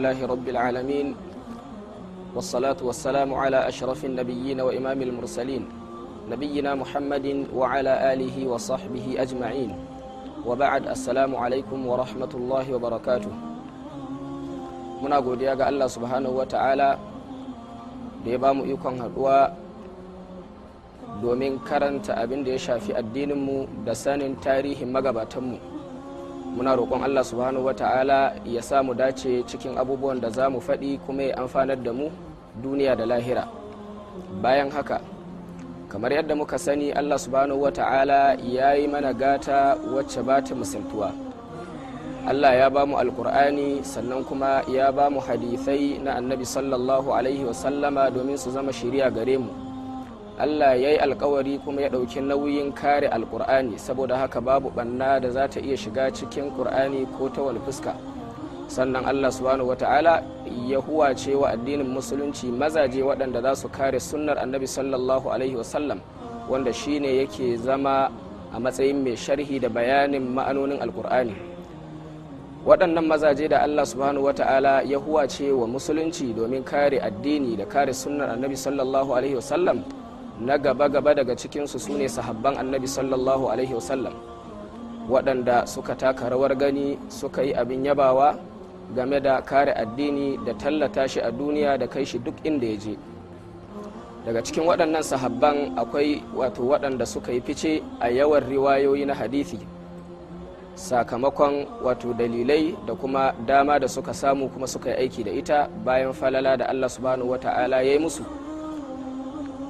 الله رب العالمين والصلاة والسلام على أشرف النبيين وإمام المرسلين نبينا محمد وعلى آله وصحبه أجمعين وبعد السلام عليكم ورحمة الله وبركاته من أقول يا الله سبحانه وتعالى ديبام يكون هدوى domin karanta abin da ya shafi addininmu da sanin tarihin magabatanmu muna roƙon allah subhanahu wata'ala ya mu dace cikin abubuwan da za mu faɗi kuma ya amfanar da mu duniya da lahira bayan haka kamar yadda muka sani allah subhanahu wata'ala ya yi mana gata wacce ba ta misaltuwa allah ya ba mu alkur'ani sannan kuma ya ba mu hadithai na annabi sallallahu alaihi wasallama domin su zama shiriya gare mu Allah ya yi alkawari kuma ya ɗauki nauyin kare alkur'ani saboda haka babu ɓanna da za ta iya shiga cikin kur'ani ko ta wani fuska sannan Allah subhanahu wata'ala ya huwace wa addinin musulunci mazaje waɗanda za su kare sunnar annabi sallallahu alaihi wasallam wanda shine yake zama a matsayin mai sharhi da bayanin ma'anonin alkur'ani waɗannan mazaje da Allah subhanahu wata'ala ya huwace wa musulunci domin kare addini da kare sunnar annabi sallallahu alaihi wasallam na gaba-gaba daga cikinsu su ne sahabban annabi sallallahu alaihi wasallam waɗanda suka taka rawar gani suka yi abin yabawa game da kare addini da tallata shi a duniya da kai shi duk inda ya je daga cikin waɗannan sahabban akwai wato waɗanda suka yi fice a yawan riwayoyi na hadithi sakamakon wato dalilai da kuma dama da suka samu kuma suka yi aiki da ita bayan falala da allah subhanahu wata'ala ya yi musu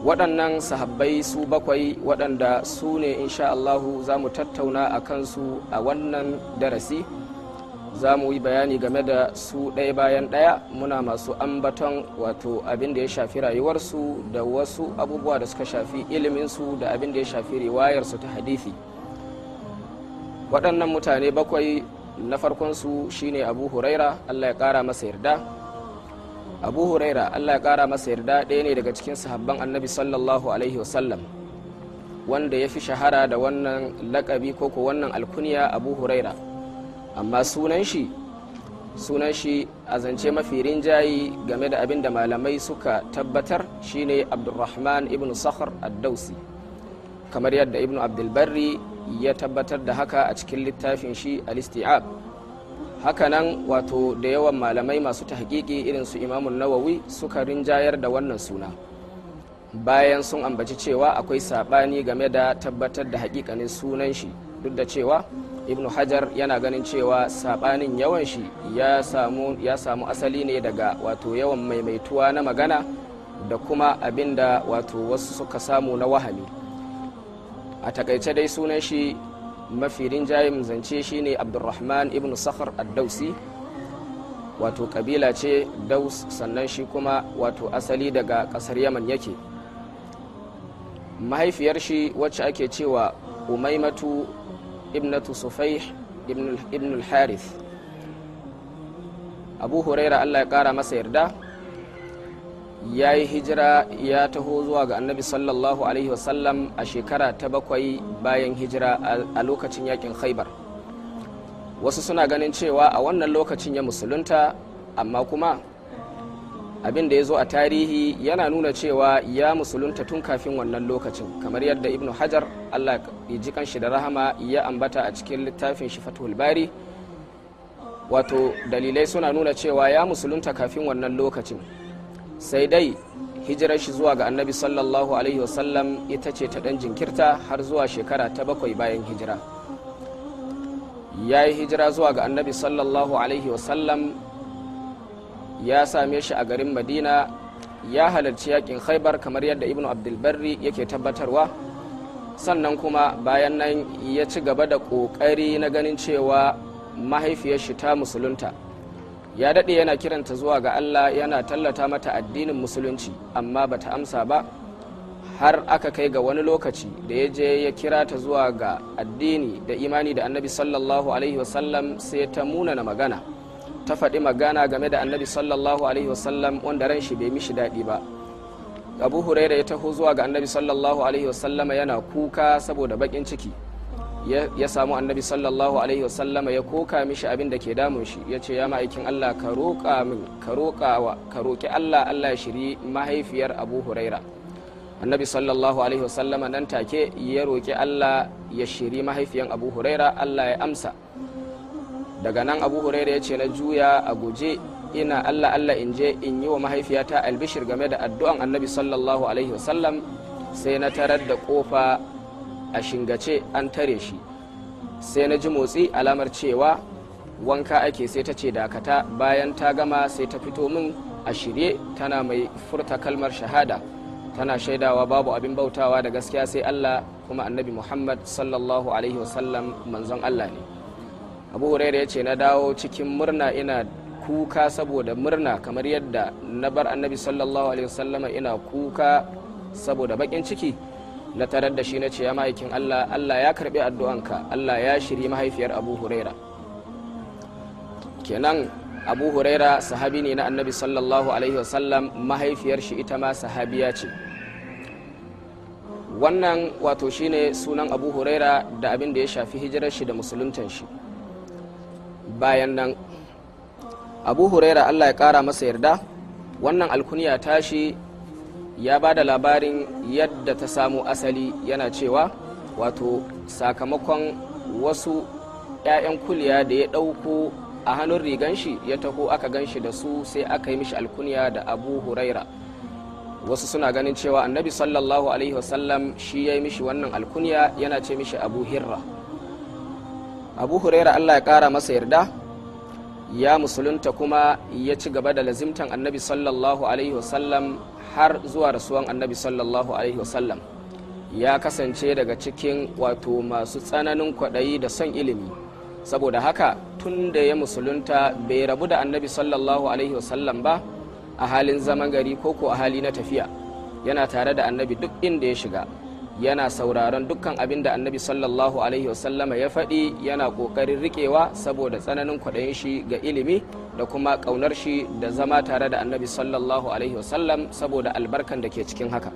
waɗannan sahabbai su bakwai waɗanda su ne insha Allahu za mu tattauna a kansu a wannan darasi za mu yi bayani game da su ɗaya bayan ɗaya muna masu ambaton wato abin da ya shafi rayuwarsu da wasu abubuwa da suka shafi iliminsu da abin da ya shafi riwayarsu ta hadithi waɗannan mutane bakwai na farkonsu shine abu huraira allah ya ƙara masa yarda abu huraira allah ya kara masa yarda ɗaya ne daga cikin sahabban annabi sallallahu alaihi wasallam wanda ya fi shahara da wannan lakabi ko ko wannan alkuniya abu huraira amma sunan shi sunan shi a zance mafi rinjayi game da abin da malamai suka tabbatar shine abdulrahman ibn sakhar addausi kamar yadda ibn abdulbarri ya tabbatar da haka a cikin littafin shi al-isti'ab hakanan wato da yawan malamai masu tahqiqi irin su imamun nawawi suka rinjayar da wannan suna bayan sun ambaci cewa akwai saɓani game da tabbatar da hakikanin sunan shi duk da cewa ibnu hajar yana ganin cewa saɓanin yawan shi ya samu, asali ne daga wato yawan maimaituwa na magana da kuma abinda wato wasu suka samu na wahami a takaice dai sunan shi mafi rinjayen zance shine abdurrahman ibn sakhar ad-dausi wato kabila ce daus sannan shi kuma wato asali daga kasar yaman yake mahaifiyar shi wacce ake cewa umaimatu ibnatu sufaih ibn al-harith abu huraira allah ya kara masa yarda ya yi hijira ya taho zuwa ga annabi sallallahu alaihi wasallam a shekara ta bakwai bayan hijira a lokacin yakin khaibar wasu suna ganin cewa a wannan lokacin ya musulunta amma kuma abin da ya zo a tarihi yana nuna cewa ya musulunta tun kafin wannan lokacin kamar yadda ibnu hajar allah ya ji kanshi da rahama ya ambata a cikin littafin shi fatul bari wato dalilai suna nuna cewa ya musulunta kafin wannan lokacin sai dai hijirar shi zuwa ga annabi sallallahu alaihi wasallam ita ce ta ɗan jinkirta har zuwa shekara ta bakwai bayan hijira ya yi hijira zuwa ga annabi sallallahu alaihi wasallam ya same shi a garin madina ya halarci yakin khaibar kamar yadda ibnu abdulbarri yake tabbatarwa sannan kuma bayan nan ya ci gaba da ƙoƙari na ganin cewa mahaifiyar shi ta musulunta ya daɗe yana kiranta zuwa ga allah yana tallata mata addinin musulunci amma ba ta amsa ba har aka kai ga wani lokaci da ya je ya kira ta zuwa ga addini da imani da annabi sallallahu alaihi wasallam sai ta munana magana ta faɗi magana game da annabi sallallahu alaihi wasallam wanda ran shi bai mishi daɗi ba abu huraira ya taho zuwa ga annabi sallallahu alaihi wasallama yana kuka saboda baƙin ciki ya samu annabi sallallahu alaihi wasallama ya koka mishi abin da ke damun shi ya ce ya ma'aikin allah ka roƙa min ka roƙa wa ka roƙi allah allah shiri mahaifiyar abu huraira annabi sallallahu alaihi wasallama nan take ya roƙi allah ya shiri mahaifiyan abu huraira allah ya amsa daga nan abu huraira ya ce na juya a guje ina allah allah in je in yi wa mahaifiyata albishir game da addu'an annabi sallallahu alaihi wasallam sai na tarar da kofa a shingace an tare shi sai na ji motsi alamar cewa wanka ake sai ta ce dakata bayan ta gama sai ta fito min a shirye tana mai furta kalmar shahada tana shaidawa babu abin bautawa da gaskiya sai allah kuma annabi muhammad sallallahu alaihi wasallam manzon allah ne abu huraira ya ce na dawo cikin murna ina kuka saboda murna kamar yadda na bar annabi sallallahu alaihi wasallama ina kuka saboda bakin ciki na tarar da shi na ce ya ma'aikin Allah Allah ya karbi addu'anka Allah ya shiri mahaifiyar Abu Huraira kenan Abu Huraira sahabi ne na Annabi sallallahu alaihi wasallam mahaifiyar shi ita ma sahabiya ce wannan wato shine sunan Abu Huraira da abin da ya shafi hijirar shi da musuluntan shi bayan nan Abu Huraira Allah ya kara masa yarda wannan alkuniya tashi ya ba da labarin yadda ta samu asali yana cewa wato sakamakon wasu 'ya'yan kuliya da ya ɗauko a hannun rigan shi ya taho aka gan shi da su sai aka yi mishi alkuniya da abu huraira wasu suna ganin cewa annabi sallallahu alaihi wasallam shi ya yi mishi wannan alkuniya yana ce mishi abu hirra abu huraira allah ya kara masa yarda ya musulunta kuma ya ci gaba da lazimtan annabi sallallahu alaihi wasallam har zuwa rasuwan annabi sallallahu alaihi wasallam ya kasance daga cikin wato masu tsananin kwaɗayi da son ilimi saboda haka tun da ya musulunta bai rabu da annabi sallallahu alaihi wasallam ba a halin zaman gari ko ko a hali na tafiya yana tare da annabi duk inda ya shiga yana sauraron dukkan abin da annabi sallallahu alaihi wasallama ya faɗi yana ƙoƙarin riƙewa saboda tsananin kwaɗayin shi ga ilimi da kuma ƙaunar shi da zama tare da annabi sallallahu alaihi wasallam saboda albarkan da ke cikin haka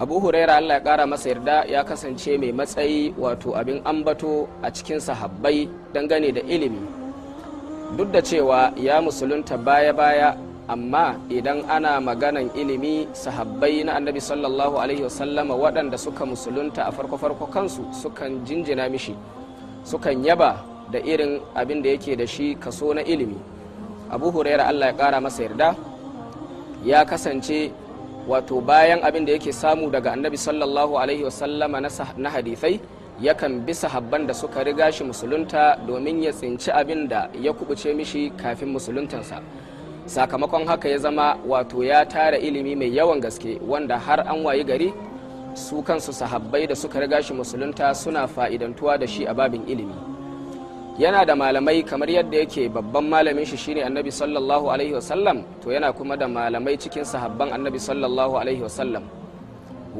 abu huraira allah ya kara masa yarda ya kasance mai matsayi wato abin ambato a cikin sahabbai dangane da ilimi duk da cewa ya musulunta baya-baya amma idan ana maganan ilimi sahabbai na annabi sallallahu alaihi wasallama waɗanda suka musulunta a farko-farko kansu sukan jinjina mishi sukan yaba da irin abin da yake da shi kaso na ilimi abu huraira allah ya ƙara masa yarda ya kasance wato bayan abin da yake samu daga annabi sallallahu alaihi wasallama na hadithai yakan bi sahabban da suka riga shi musulunta domin ya tsinci abin da ya kubuce mishi kafin musuluntansa sakamakon haka ya zama wato ya tara ilimi mai yawan gaske wanda har an wayi gari su kansu sahabbai da suka riga shi musulunta suna fa'idantuwa da shi a babin ilimi yana da malamai kamar yadda yake babban malamin shi shine annabi sallallahu alaihi wasallam to yana kuma da malamai cikin sahabban annabi sallallahu alaihi wasallam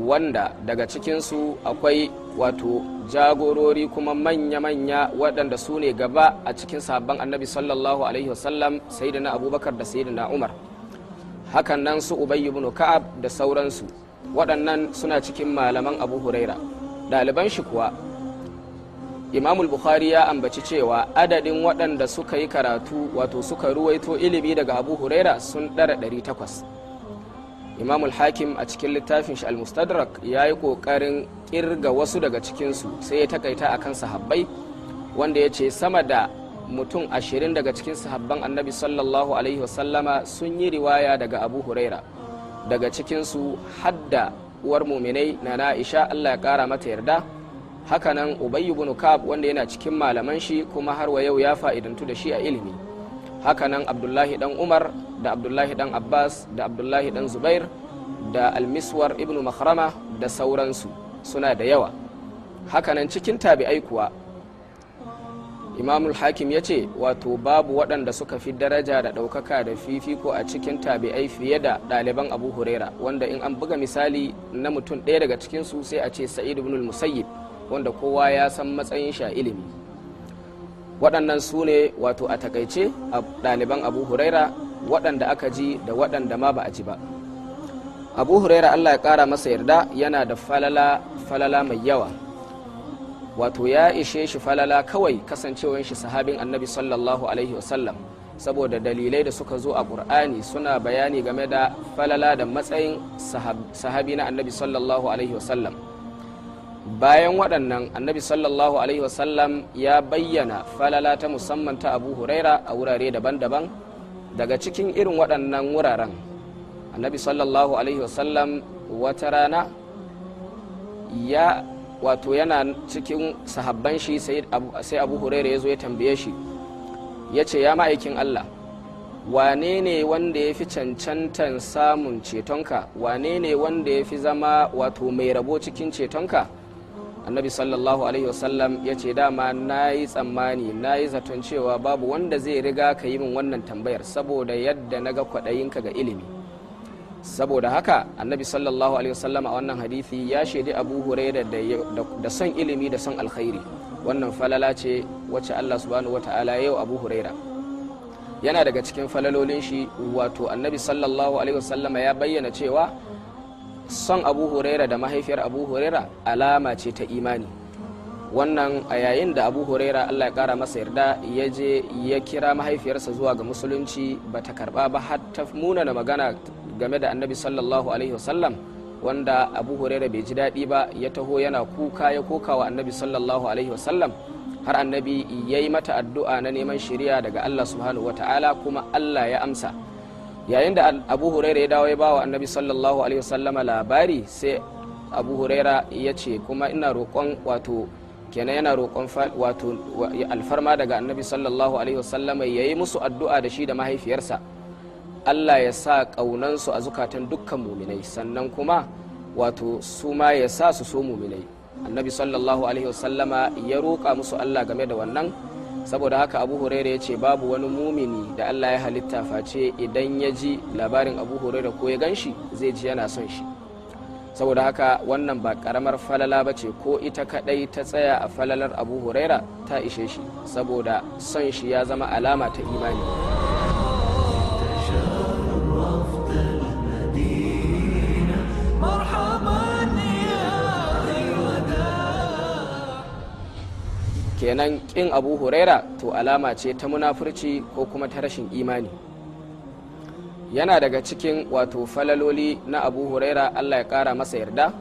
wanda daga cikinsu akwai wato jagorori kuma manya-manya waɗanda su ne gaba a cikin sabon annabi sallallahu alaihi wasallam na abubakar da na umar hakan nan su ubayy ibn ka'ab da sauransu waɗannan suna cikin malaman abu huraira ɗaliban shi kuwa imamul bukhari ya ambaci cewa adadin waɗanda suka yi karatu wato suka ruwaito ilimi daga abu huraira sun ɗara ɗari takwas. imam hakim a cikin littafin shi al-mustadrak ya yi kokarin kirga wasu daga cikinsu sai ya takaita a kan sahabbai wanda ya ce sama da mutum ashirin daga cikin sahabban annabi sallallahu alaihi wasallama sun yi riwaya daga abu huraira daga cikinsu hadda uwar muminai na na'isha allah ya kara mata yarda hakanan ubayyu bin kab wanda yana cikin malaman shi kuma har wa yau ya fa'idantu da shi a ilimi hakanan abdullahi dan umar da abdullahi dan abbas da abdullahi dan zubair da almiswar ibn makarama da sauransu suna da yawa hakanan cikin tabi'ai kuwa imamul hakim ya ce wato babu waɗanda suka fi daraja da ɗaukaka da fifiko a cikin tabi'ai fiye da ɗaliban abu huraira wanda in an buga misali na mutum ɗaya daga cikinsu sai a ce sa'id ibn musayyib wanda kowa ya san matsayin sha ilimi waɗannan su ne wato a takaice ɗaliban abu huraira waɗanda aka ji da waɗanda ma ba a ji ba abu huraira allah ya ƙara masa yarda yana da falala falala mai yawa wato ya ishe shi falala kawai kasancewar shi sahabin annabi sallallahu alaihi wasallam saboda dalilai da suka zo a ƙur'ani suna bayani game da falala da matsayin sahabi na annabi sallallahu alaihi wasallam bayan waɗannan annabi sallallahu alaihi wasallam ya bayyana falala ta musamman ta abu huraira a wurare daban-daban daga cikin irin waɗannan wuraren annabi sallallahu alaihi wasallam wata rana ya wato yana cikin sahabban shi sai abu huraira ya zo ya tambaye shi ya ce ya ma'aikin allah wane ne wanda ya fi cancantan samun cetonka wane ne wanda ya fi zama wato mai rabo cikin cetonka annabi sallallahu alaihi wasallam ya ce dama na yi tsammani na yi zaton cewa babu wanda zai riga ka yi min wannan tambayar saboda yadda na ga kwaɗayinka ga ilimi saboda haka annabi sallallahu alaihi wasallam a wannan hadithi ya shaidi abu huraira da son ilimi da son alkhairi wannan falala ce wacce allah subhanahu wata'ala yau abu huraira yana daga cikin falalolin shi wato annabi sallallahu alaihi wasallama ya bayyana cewa son abu huraira da mahaifiyar abu huraira alama ce ta imani wannan a yayin da abu huraira allah ya kara masa yarda ya je ya kira mahaifiyarsa zuwa ga musulunci ba ta karba ba har ta munana magana game da annabi sallallahu alaihi wasallam wanda abu huraira bai ji daɗi ba ya taho yana kuka ya koka wa annabi sallallahu alaihi wasallam har annabi ya yi mata addu'a na neman shiriya daga allah subhanahu ta'ala kuma allah ya amsa yayin da abu huraira ya dawo ya bawa annabi sallallahu alaihi wasallama labari sai abu huraira ya ce kuma ina roƙon wato kenan yana roƙon wato alfarma daga annabi sallallahu alaihi wasallama ya yi musu addu'a da shi da mahaifiyarsa allah ya sa ƙaunansu a zukatan dukkan muminai sannan kuma wato su ma ya sa su so muminai annabi sallallahu alaihi wasallama ya roƙa musu allah game da wannan saboda haka abu huraira ya ce babu wani mumini da allah ya halitta face idan ya ji labarin abu huraira ko ya gan shi zai ji yana son shi saboda haka wannan ba karamar falala ba ce ko ita kadai ta tsaya a falalar abu huraira ta ishe shi saboda son shi ya zama alama ta imani kenan kin abu huraira to alama ce ta munafurci ko kuma ta rashin imani yana daga cikin wato falaloli na abu huraira allah ya kara masa yarda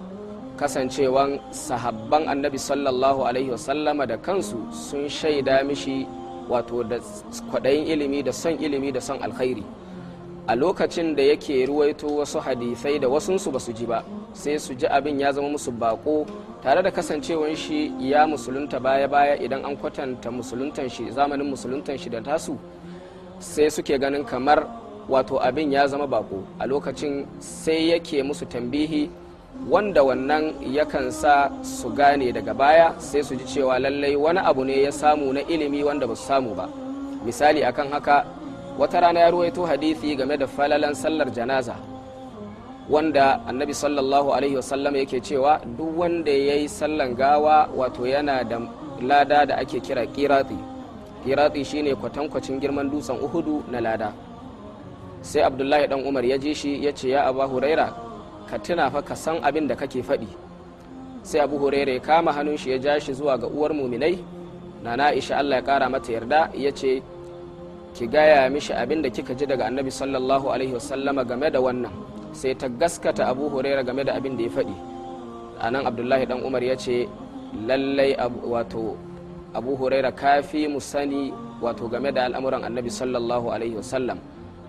kasancewan sahabban annabi sallallahu alaihi wasallama da kansu sun shaida mishi wato da kwadayin ilimi da son ilimi da son alkhairi a lokacin da yake ruwaito wasu hadisai da wasunsu ba su ji ba sai su ji abin ya zama musu bako tare da kasancewan shi ya musulunta baya-baya idan an kwatanta musuluntan shi zamanin musuluntan shi da tasu sai suke ganin kamar wato abin ya zama bako a lokacin sai yake musu tambihi wanda wannan yakan sa su gane daga baya sai su ji cewa lallai wani abu ne ya samu na ilimi wanda ba su samu ba misali akan haka wata rana ya ruwaito hadithi game da falalan sallar janaza wanda annabi sallallahu alaihi wasallam yake cewa duk wanda ya yi sallan gawa wato yana da lada da ake kira kirati kirati shine kwatankwacin girman dutsen uhudu na lada sai abdullahi dan umar ya je shi ya ce ya abu huraira ka tuna fa ka san abin da kake faɗi sai abu huraira ya kama hannun shi ya ja shi zuwa ga uwar muminai na aisha allah ya kara mata yarda ya ce ki gaya mishi abin da kika ji daga annabi sallallahu alaihi wasallama game da wannan sai ta gaskata abu huraira game da abin da ya faɗi a nan abdullahi dan umar ya ce lallai wato abu huraira kafi mu sani wato game da al'amuran annabi sallallahu alaihi wasallam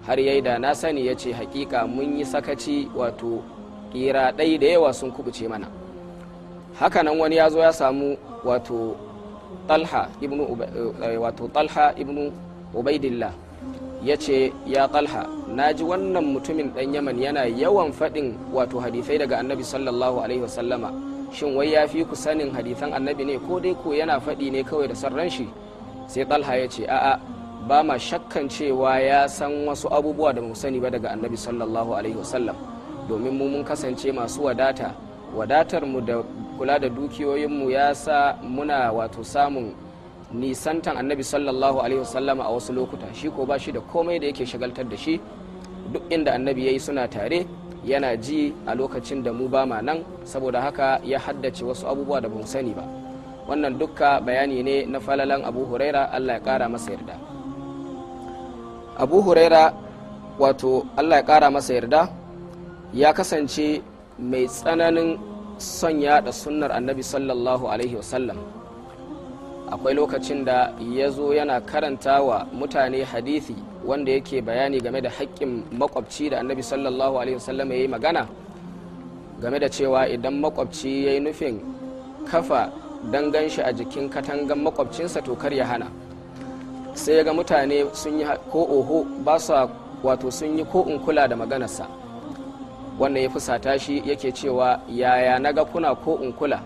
har yai da na sani ya ce hakika mun yi sakaci wato kira ɗai da yawa sun kubuce mana hakanan wani ya zo ya samu wato talha ibnu eh, wato talha ibnu ubaidillah ya ce ya talha na ji wannan mutumin dan yaman yana yawan faɗin wato hadisai daga annabi sallallahu alaihi wasallama shin wai ya fi ku sanin hadithan annabi ne ko dai ko yana faɗi ne kawai da san shi sai talha ya ce a'a ba ma shakkan cewa ya san wasu abubuwa da mu sani ba daga annabi sallallahu alaihi wasallam domin mu mun kasance masu wadata wadatar mu da kula da dukiyoyin mu ya sa muna wato samun nisantan annabi sallallahu alaihi wasallama a wasu lokuta shi ko ba shi da komai da yake shagaltar da shi duk inda annabi ya yi suna tare yana ji a lokacin da mu ba ma nan saboda haka ya haddace wasu abubuwa da bamu sani ba wannan dukka bayani ne na falalan abu huraira allah ya kara masa yarda abu huraira wato allah ya kara masa yarda ya kasance mai tsananin son yada sunnar annabi sallallahu alaihi wasallam akwai lokacin da ya zo yana karanta wa mutane hadithi wanda yake bayani game da haƙƙin makwabci da annabi sallallahu alaihi wasallam ya yi magana game da cewa idan makwabci ya yi nufin kafa don ganshi a jikin katangan makwabcinsa to kar ya hana sai ya ga mutane sun yi ko oho ba su wato sun yi ko in kula da maganarsa wannan ya fusata shi yake cewa yaya na ga kuna ko in kula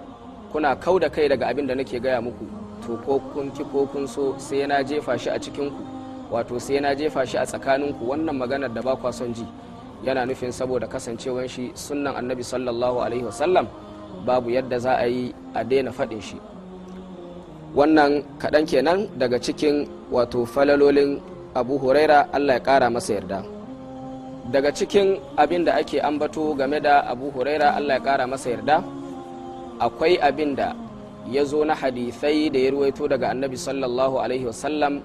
kuna kau da kai daga abin da nake gaya muku to ko kun ki ko kun so sai na jefa shi a cikinku wato sai na jefa shi a tsakaninku wannan maganar da ba kwa son ji yana nufin saboda kasancewar shi sunnan annabi sallallahu alaihi wasallam babu yadda za a yi a daina faɗin shi wannan kaɗan kenan daga cikin wato falalolin abu huraira allah ya ƙara masa yarda daga cikin abin da ake ambato game da abu huraira allah ya ƙara masa yarda akwai abin da ya zo na hadithai da ya ruwaito daga annabi sallallahu alaihi wasallam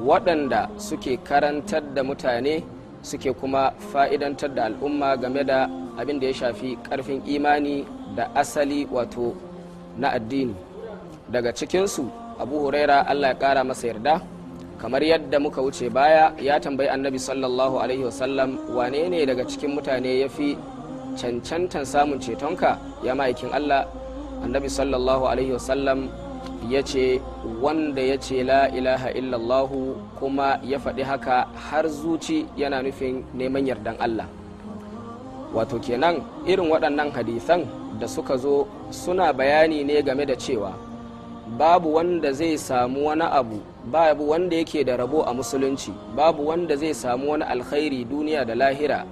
waɗanda suke karantar da mutane suke kuma fa'idantar da al'umma game da abin da ya shafi ƙarfin imani da asali wato na addini daga cikinsu abu huraira allah ya ƙara masa yarda kamar yadda muka wuce baya ya tambayi annabi sallallahu alaihi wasallam wane ne daga cikin mutane ya fi cancantan samun cetonka ya ma'aikin allah annabi sallallahu alaihi wasallam ya ce wanda ya ce la ilaha illallahu kuma ya faɗi haka har zuci yana nufin neman yardan Allah wato kenan irin waɗannan hadisan da suka zo suna bayani ne game da cewa babu wanda zai samu wani abu babu wanda yake da rabo a musulunci babu wanda zai samu wani alkhairi duniya da lahira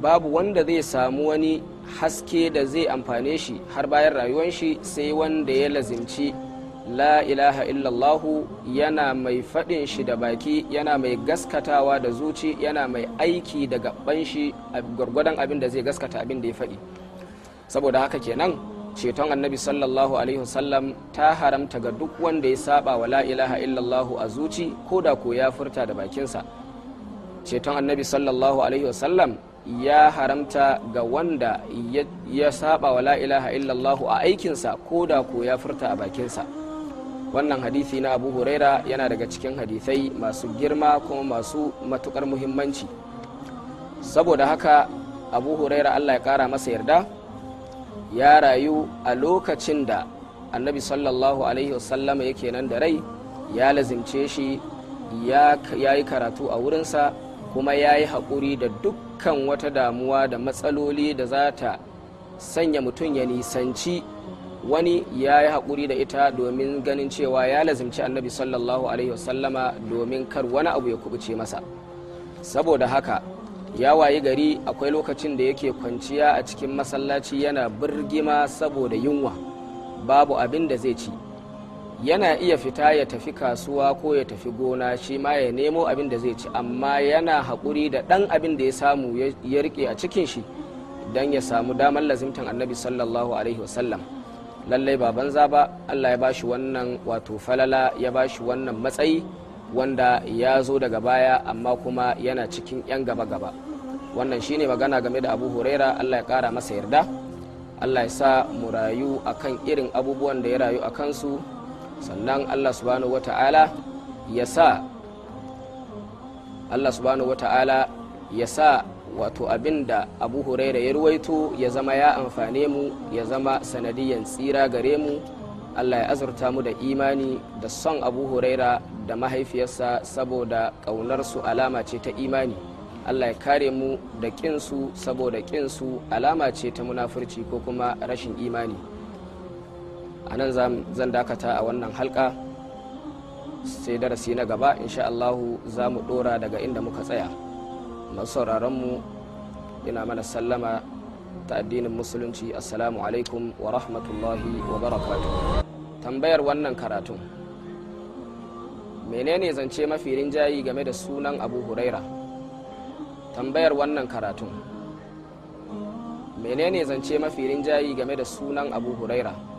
babu wanda zai samu wani haske da zai amfane shi har bayan rayuwan shi sai wanda ya lazimci la ilaha illallahu yana mai faɗin shi da baki yana mai gaskatawa da zuci yana mai aiki da gaban shi a gwargwadon abin da zai gaskata abin da ya faɗi saboda haka kenan ceton annabi sallallahu alaihi wasallam ta haramta ga duk wanda ya saba wa la ilaha illallahu a zuci ko da ko ya furta da bakinsa ceton annabi sallallahu alaihi wasallam ya haramta ga wanda ya saba wa la'ilaha illallahu a aikinsa ko da ko ya furta a bakinsa wannan hadithi na abu huraira yana daga cikin hadithai masu girma kuma masu matukar muhimmanci saboda haka abu huraira allah ya kara masa yarda ya rayu a lokacin da annabi sallallahu alaihi wasallama yake nan da rai ya lazimce shi ya yi karatu a wurinsa kuma ya yi haƙuri da dukkan wata damuwa da matsaloli da za ta sanya mutum ya nisanci wani ya yi haƙuri da ita domin ganin cewa ya lazimci annabi sallallahu alaihi wasallama domin kar wani abu ya kubuce masa saboda haka ya wayi gari akwai lokacin da yake kwanciya a cikin masallaci yana birgima saboda yunwa babu abin da zai ci yana iya fita ya tafi kasuwa ko ya tafi gona shi ma ya nemo abin da zai ci amma yana haƙuri da ɗan abin da ya samu ya rike a cikin shi don ya samu damar lazimtan annabi sallallahu alaihi wasallam lallai ba banza ba allah ya bashi wannan wato falala ya bashi wannan matsayi wanda ya zo daga baya amma kuma yana cikin 'yan gaba-gaba wannan shine magana game da abu huraira allah ya kara masa yarda allah ya sa mu rayu akan irin abubuwan da ya rayu a kansu sannan allah subhanahu wata'ala ya sa allah subhanahu wata'ala ya sa wato abin da abu huraira ya ruwaito ya zama ya amfane mu ya zama sanadiyan tsira gare mu allah ya azurta mu da imani da son abu huraira da mahaifiyarsa saboda ƙaunarsu alama ce ta imani allah ya kare mu da ƙinsu saboda ƙinsu alama ce ta munafurci ko kuma rashin imani a nan zan dakata a wannan halka sai darasi na gaba insha Allahu za mu dora daga inda muka tsaya masu ina mana sallama ta addinin musulunci assalamu alaikum wa rahmatullahi wa barakatu tambayar wannan karatun menene zance mafi rinjayi game da sunan abu huraira tambayar wannan karatun menene zance mafi rinjayi game da sunan abu huraira